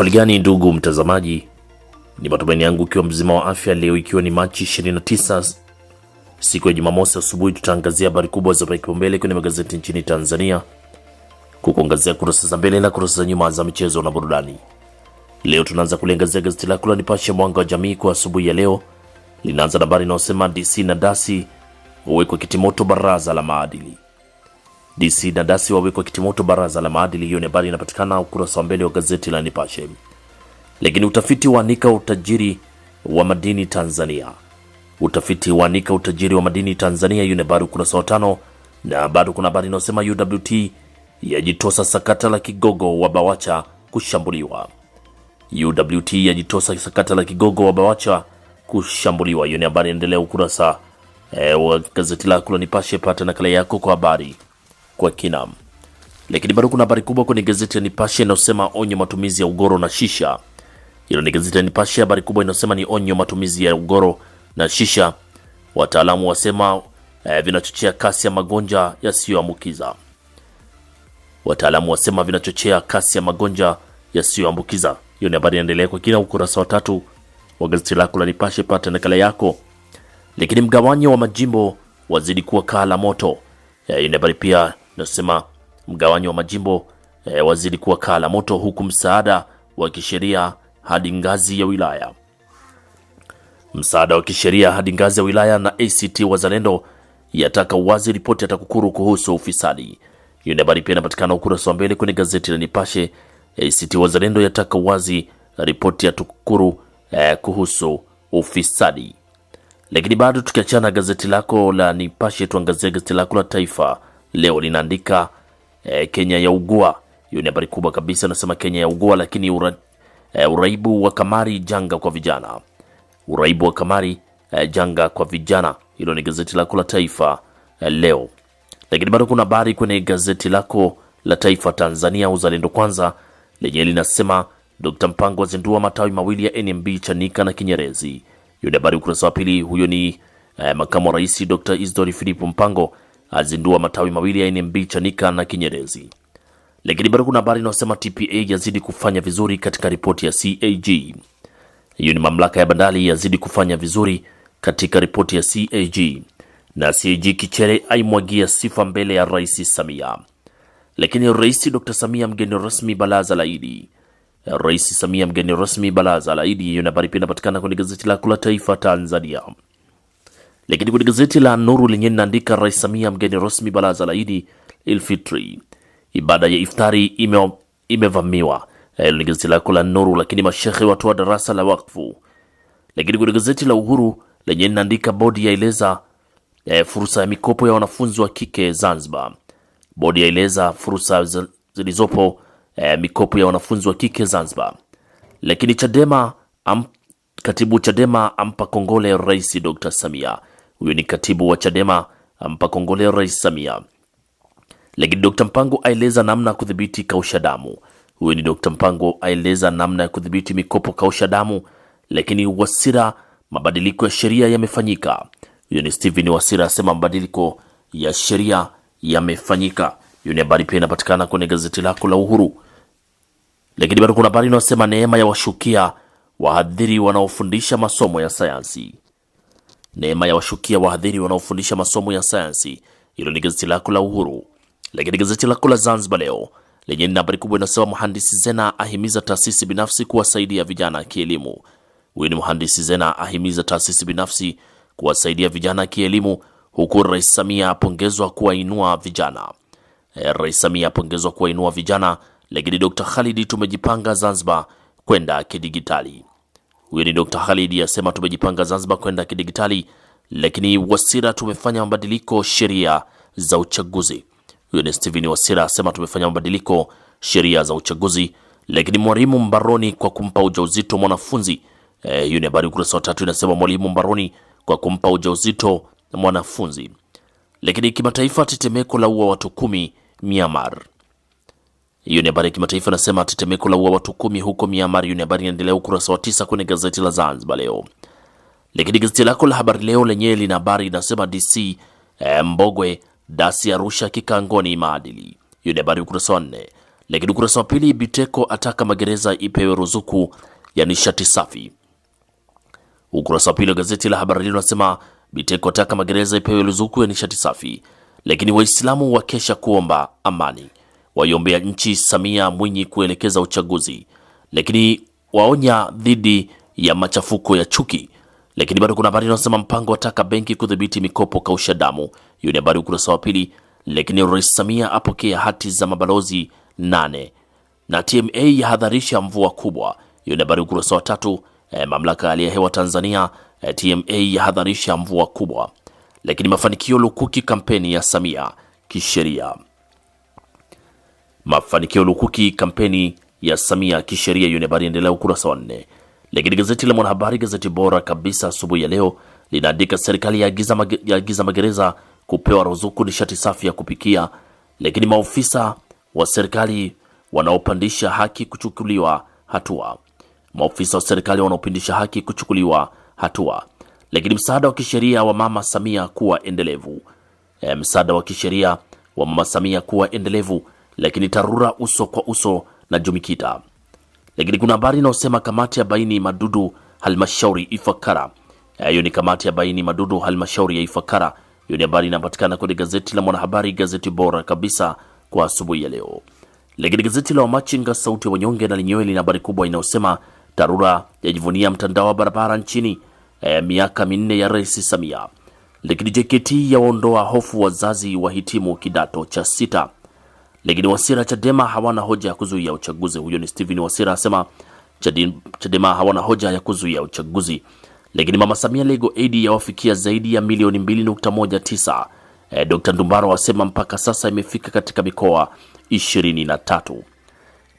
waligani ndugu mtazamaji, ni matumaini yangu ukiwa mzima wa afya. Leo ikiwa ni Machi 29 siku ya Jumamosi asubuhi, tutaangazia habari kubwa za kipaumbele kwenye magazeti nchini Tanzania, kukuangazia kurasa za mbele na kurasa za nyuma za michezo na burudani. Leo tunaanza kuliangazia gazeti lako la Nipashe Mwanga wa Jamii kwa asubuhi ya leo, linaanza na habari inayosema DC na dasi huwekwa kitimoto baraza la maadili DC Dadasi wawekwa kitimoto baraza la maadili. Hiyo ni habari inapatikana ukurasa wa mbele wa gazeti la Nipashe. Lakini utafiti waanika utajiri wa madini Tanzania, utafiti waanika utajiri wa madini Tanzania. Hiyo ni habari ukurasa wa tano, na bado kuna habari inayosema UWT yajitosa sakata la kigogo wa Bawacha kushambuliwa. UWT yajitosa sakata la kigogo wa Bawacha kushambuliwa. Hiyo ni habari inaendelea ukurasa e, wa gazeti lako la Nipashe. Pata nakala yako kwa habari kwa kina. Lakini bado kuna habari kubwa kwenye gazeti ya Nipashe inayosema onyo matumizi ya ugoro na shisha. Hilo ni gazeti ya Nipashe, habari kubwa inayosema ni onyo matumizi ya ugoro na shisha, wataalamu wasema eh, vinachochea kasi ya magonjwa yasiyoambukiza. Wataalamu wasema vinachochea kasi ya magonjwa yasiyoambukiza. Hiyo ni habari inaendelea kwa kina ukurasa wa tatu wa gazeti lako la Nipashe, pata nakala yako. Lakini mgawanyo wa majimbo wazidi kuwa kaa la moto. Eh, hiyo ni habari pia nasema mgawanyo wa majimbo e, wazidi kuwa kala moto, huku msaada wa kisheria hadi ngazi ya wilaya msaada wa kisheria hadi ngazi ya wilaya. Na ACT Wazalendo yataka uwazi ripoti ya TAKUKURU kuhusu ufisadi. Hiyo ni habari pia inapatikana ukurasa wa mbele kwenye gazeti la Nipashe. ACT Wazalendo yataka uwazi ripoti ya TAKUKURU eh, kuhusu ufisadi. Lakini bado tukiachana gazeti lako la Nipashe, tuangazie gazeti lako la Taifa leo linaandika e, eh, Kenya ya ugua. Hiyo ni habari kubwa kabisa, nasema Kenya ya ugua, lakini ura, e, uraibu wa kamari janga kwa vijana, uraibu wa kamari e, janga kwa vijana. Hilo ni gazeti lako la Taifa e, leo, lakini bado kuna habari kwenye gazeti lako la Taifa Tanzania Uzalendo Kwanza lenyewe linasema Dr. Mpango azindua matawi mawili ya NMB Chanika na Kinyerezi. Hiyo ni habari ukurasa wa pili. Huyo ni eh, makamu wa rais Dr. Isidori Philip Mpango azindua matawi mawili ya NMB Chanika na Kinyerezi. Lakini bado kuna habari inayosema TPA yazidi kufanya vizuri katika ripoti ya CAG. Hiyo ni mamlaka ya bandari yazidi kufanya vizuri katika ripoti ya CAG na CAG Kichere aimwagia sifa mbele ya Rais Samia. Lakini Rais Dr. Samia mgeni rasmi baraza la Idi. Rais Samia mgeni rasmi baraza la Idi. Hiyo ni habari pia inapatikana kwenye gazeti lako la Taifa Tanzania. Lakini kwenye gazeti la Nuru lenye linaandika Rais Samia mgeni rasmi baraza la Idi Ilfitri, ibada ya iftari ime, imevamiwa. Eh, hilo ni gazeti lako la Nuru, lakini mashehe watoa darasa la wakfu. Lakini kwenye gazeti la Uhuru lenye linaandika bodi yaeleza eh, fursa ya mikopo ya wanafunzi wa kike Zanzibar. Bodi yaeleza fursa zilizopo eh, mikopo ya wanafunzi wa kike Zanzibar. Lakini Chadema am, katibu Chadema ampa kongole Rais Dr. Samia. Huyo ni katibu wa Chadema ampa kongolea Rais Samia. Lakini Dr. Mpango aeleza namna ya kudhibiti kausha damu. Huyo ni Dr. Mpango aeleza namna ya kudhibiti mikopo kausha damu. Lakini Wasira, mabadiliko ya sheria yamefanyika. Huyo ni Stephen Wasira asema mabadiliko ya sheria yamefanyika. Hiyo ni habari pia inapatikana kwenye gazeti lako la Uhuru. Lakini bado kuna habari inayosema neema ya washukia wahadhiri wanaofundisha masomo ya sayansi neema ya washukia wahadhiri wanaofundisha masomo ya sayansi. Hilo ni gazeti lako la Uhuru. Lakini gazeti lako la Zanzibar Leo lenye nambari kubwa inasema mhandisi Zena ahimiza taasisi binafsi kuwasaidia vijana kielimu. Huyu ni mhandisi Zena ahimiza taasisi binafsi kuwasaidia vijana kielimu, huku Rais Samia apongezwa kuwainua vijana. Eh, Rais Samia apongezwa kuwainua vijana. Lakini Dr Khalidi tumejipanga Zanzibar kwenda kidigitali. Huyo ni Dr. Khalid asema tumejipanga Zanzibar kwenda kidigitali, lakini Wasira tumefanya mabadiliko sheria za uchaguzi. Huyo ni Steven Wasira asema tumefanya mabadiliko sheria za uchaguzi, lakini mwalimu mbaroni kwa kumpa ujauzito mwanafunzi. Eh, hiyo ni habari ukurasa wa tatu inasema mwalimu mbaroni kwa kumpa ujauzito mwanafunzi. Lakini kimataifa, tetemeko la ua watu kumi Myanmar. Hiyo ni habari ya kimataifa, nasema tetemeko la ua watu kumi huko Myanmar. Hiyo ni habari inaendelea ukurasa wa tisa kwenye gazeti la Zanzibar Leo. Lakini gazeti lako la Habari Leo lenyewe lina habari inasema DC eh, Mbogwe dasi Arusha kikangoni maadili. Hiyo ni habari ukurasa wa nne. Lakini ukurasa wa pili, Biteko ataka magereza ipewe ruzuku ya nishati safi. Ukurasa wa pili wa gazeti la Habari Leo unasema Biteko ataka magereza ipewe ruzuku ya nishati safi, lakini Waislamu wakesha kuomba amani waiombea nchi Samia Mwinyi kuelekeza uchaguzi, lakini waonya dhidi ya machafuko ya chuki. Lakini bado kuna habari inayosema mpango wataka benki kudhibiti mikopo kausha damu. Hiyo ni habari ukurasa wa pili. Lakini Rais Samia apokea hati za mabalozi nane na TMA yahadharisha mvua kubwa. Hiyo ni habari ukurasa wa tatu. E, mamlaka ya hali ya hewa Tanzania e, eh, TMA yahadharisha mvua kubwa. Lakini mafanikio lukuki kampeni ya Samia kisheria. Mafanikio lukuki kampeni ya Samia kisheria. Hiyo ni habari inaendelea ukurasa wa nne. Lakini gazeti la Mwanahabari, gazeti bora kabisa asubuhi ya leo, linaandika serikali yaagiza mage, ya magereza kupewa ruzuku nishati safi ya kupikia. Lakini maofisa wa serikali wanaopandisha haki kuchukuliwa hatua, maofisa wa serikali wanaopindisha haki kuchukuliwa hatua. Lakini msaada wa kisheria wa mama Samia kuwa endelevu, e, msaada wa kisheria wa mama Samia kuwa endelevu lakini TARURA uso kwa uso na Jumikita. Lakini kuna habari inayosema kamati ya baini madudu halmashauri Ifakara. Hiyo ni kamati ya baini madudu halmashauri ya Ifakara. Hiyo ni habari inapatikana kwenye gazeti la Mwanahabari, gazeti bora kabisa kwa asubuhi ya leo. Lakini gazeti la Wamachinga, sauti ya wanyonge, na lenyewe lina habari kubwa inayosema TARURA yajivunia mtandao wa barabara nchini, eh, miaka minne ya Rais Samia. Lakini JKT yaondoa hofu wazazi wahitimu kidato cha sita lakini Wasira Chadema hawana hoja ya kuzuia uchaguzi. Huyo ni Steven Wasira asema Chadema hawana hoja ya kuzuia uchaguzi. Lakini Mama Samia Lego Aid yawafikia zaidi ya milioni 2.19. E, Dr. Ndumbaro asema mpaka sasa imefika katika mikoa 23.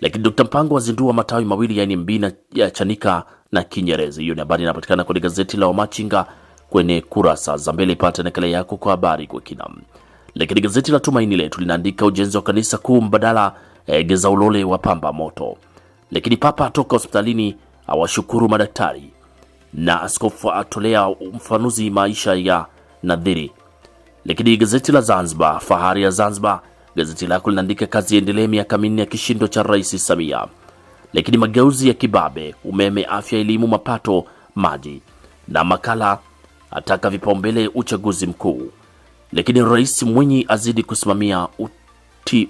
Lakini Dr. Mpango wazindua matawi mawili yani Mbina ya Chanika na Kinyerezi. Hiyo ni habari inapatikana kwenye gazeti la Wamachinga kwenye kurasa za mbele. Pata nakala yako kwa habari kwa kina. Lakini gazeti la Tumaini Letu linaandika ujenzi wa kanisa kuu mbadala e, Geza Ulole wa pamba moto. Lakini papa atoka hospitalini awashukuru madaktari na askofu atolea mfanuzi maisha ya nadhiri. Lakini gazeti la Zanzibar Fahari ya Zanzibar, gazeti lako linaandika kazi endelee miaka minne ya kishindo cha Rais Samia. Lakini mageuzi ya kibabe, umeme, afya, elimu, mapato, maji na makala ataka vipaumbele uchaguzi mkuu lakini Rais Mwinyi azidi kusimamia uti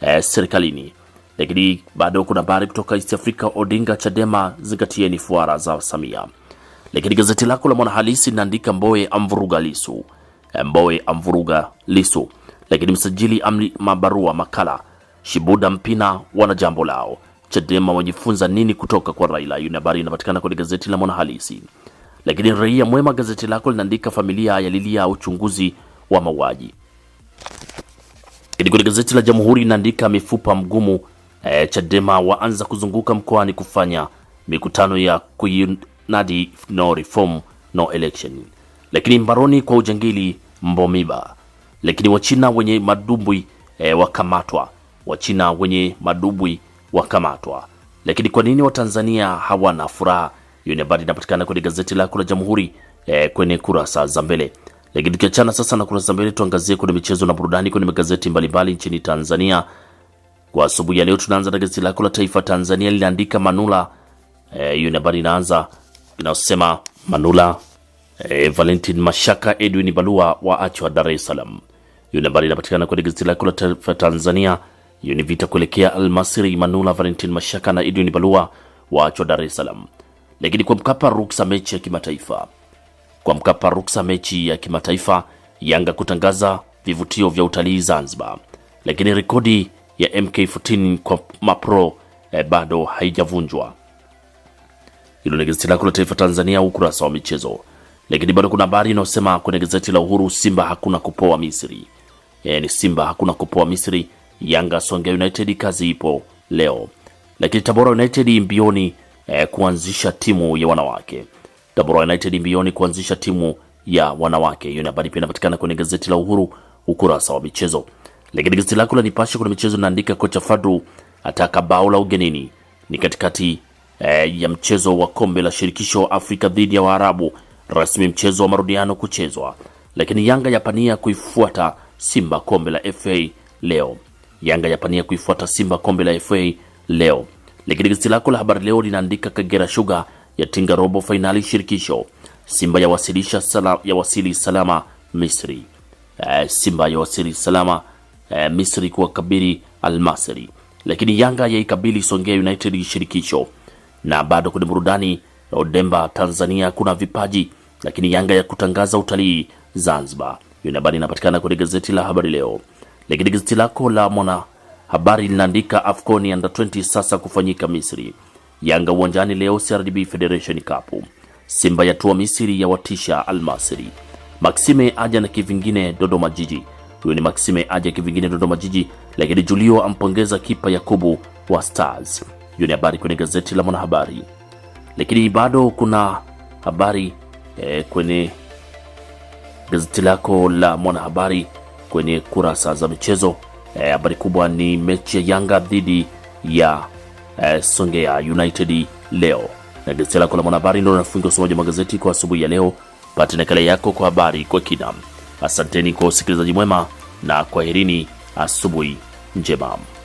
eh, serikalini. Lakini bado kuna habari kutoka East Africa, Odinga Chadema zingatieni fuara za Samia. Lakini gazeti lako la Mwanahalisi linaandika Mbowe amvuruga Lisu, eh, Mbowe amvuruga Lisu, lakini msajili amli mabarua makala Shibuda Mpina wana jambo lao. Chadema wajifunza nini kutoka kwa Raila? Hiyo habari inapatikana kwenye gazeti la Mwanahalisi. Lakini Raia Mwema gazeti lako linaandika familia yalilia uchunguzi wa mauaji. Ili gazeti la Jamhuri inaandika mifupa mgumu e, Chadema waanza kuzunguka mkoani kufanya mikutano ya kuinadi no reform no election, lakini mbaroni kwa ujangili Mbomiba. Lakini Wachina wenye madubwi e, wakamatwa. Wachina wenye madumbwi wakamatwa. Lakini kwa nini Watanzania hawana furaha? Hiyo ni habari inapatikana kwenye gazeti lako la Jamhuri e, kwenye kurasa za mbele. Lakini tukiachana sasa na kurasa mbele, tuangazie kwenye michezo na burudani kwenye magazeti mbalimbali nchini Tanzania kwa asubuhi ya leo. Tunaanza na gazeti lako la Taifa Tanzania linaandika Manula. Eh, hiyo e, habari inaanza inasema Manula e, Valentin Mashaka, Edwin Balua waachwa Dar es Salaam. Hiyo ni habari inapatikana kwenye gazeti lako la Taifa Tanzania. Hiyo ni vita kuelekea Almasiri. Manula, Valentin Mashaka na Edwin Balua waachwa Dar es Salaam. Lakini kwa Mkapa, ruksa mechi ya kimataifa kwa Mkapa ruksa mechi ya kimataifa, Yanga kutangaza vivutio vya utalii Zanzibar, lakini rekodi ya MK14 kwa mapro eh, bado haijavunjwa. Hilo ni gazeti lako la Taifa Tanzania, ukurasa wa michezo. Lakini bado kuna habari inayosema kwenye gazeti la Uhuru, Simba hakuna kupoa Misri. Eh, ni Simba hakuna kupoa Misri, Yanga Songea United kazi ipo leo. Lakini Tabora United mbioni eh, kuanzisha timu ya wanawake. Tabora United mbioni kuanzisha timu ya wanawake. Hiyo ni habari pia inapatikana kwenye gazeti la Uhuru ukurasa wa michezo. Lakini gazeti lako la Nipashe kuna michezo inaandika kocha Fadru ataka bao la ugenini. Ni katikati eh, ya mchezo wa kombe la shirikisho Afrika dhidi ya Waarabu, rasmi mchezo wa marudiano kuchezwa. Lakini Yanga yapania kuifuata Simba kombe la FA leo. Yanga yapania kuifuata Simba kombe la FA leo. Lakini gazeti lako la Habari Leo linaandika Kagera Sugar yatinga robo fainali shirikisho. Simba yawasilisha sala, yawasili salama Misri. E, Simba yawasili salama e, Misri kuwakabili Almasri, lakini Yanga yaikabili Songea United shirikisho. Na bado kwenye burudani Odemba Tanzania kuna vipaji, lakini Yanga ya kutangaza utalii Zanzibar. Hiyo habari inapatikana kwenye gazeti la Habari Leo, lakini gazeti lako la Mwana Habari linaandika Afcon under 20 sasa kufanyika Misri. Yanga uwanjani leo CRDB Federation Cup. Simba yatua Misri ya watisha Almasri. Maxime aja na kivingine Dodoma Jiji. Huyo ni Maxime aja kivingine Dodoma Jiji, lakini Julio ampongeza kipa Yakubu wa Stars. Hiyo ni habari kwenye gazeti la Mwanahabari, lakini bado kuna habari eh, kwenye gazeti lako la Mwanahabari kwenye kurasa za michezo. Eh, habari kubwa ni mechi ya Yanga dhidi ya eh, Songea United leo. Na gazeti lako la Mwanahabari ndio linafunga usomaji wa magazeti kwa asubuhi ya leo. Pata nakala yako kwa habari kwa kina. Asanteni kwa usikilizaji mwema na kwaherini, asubuhi njema.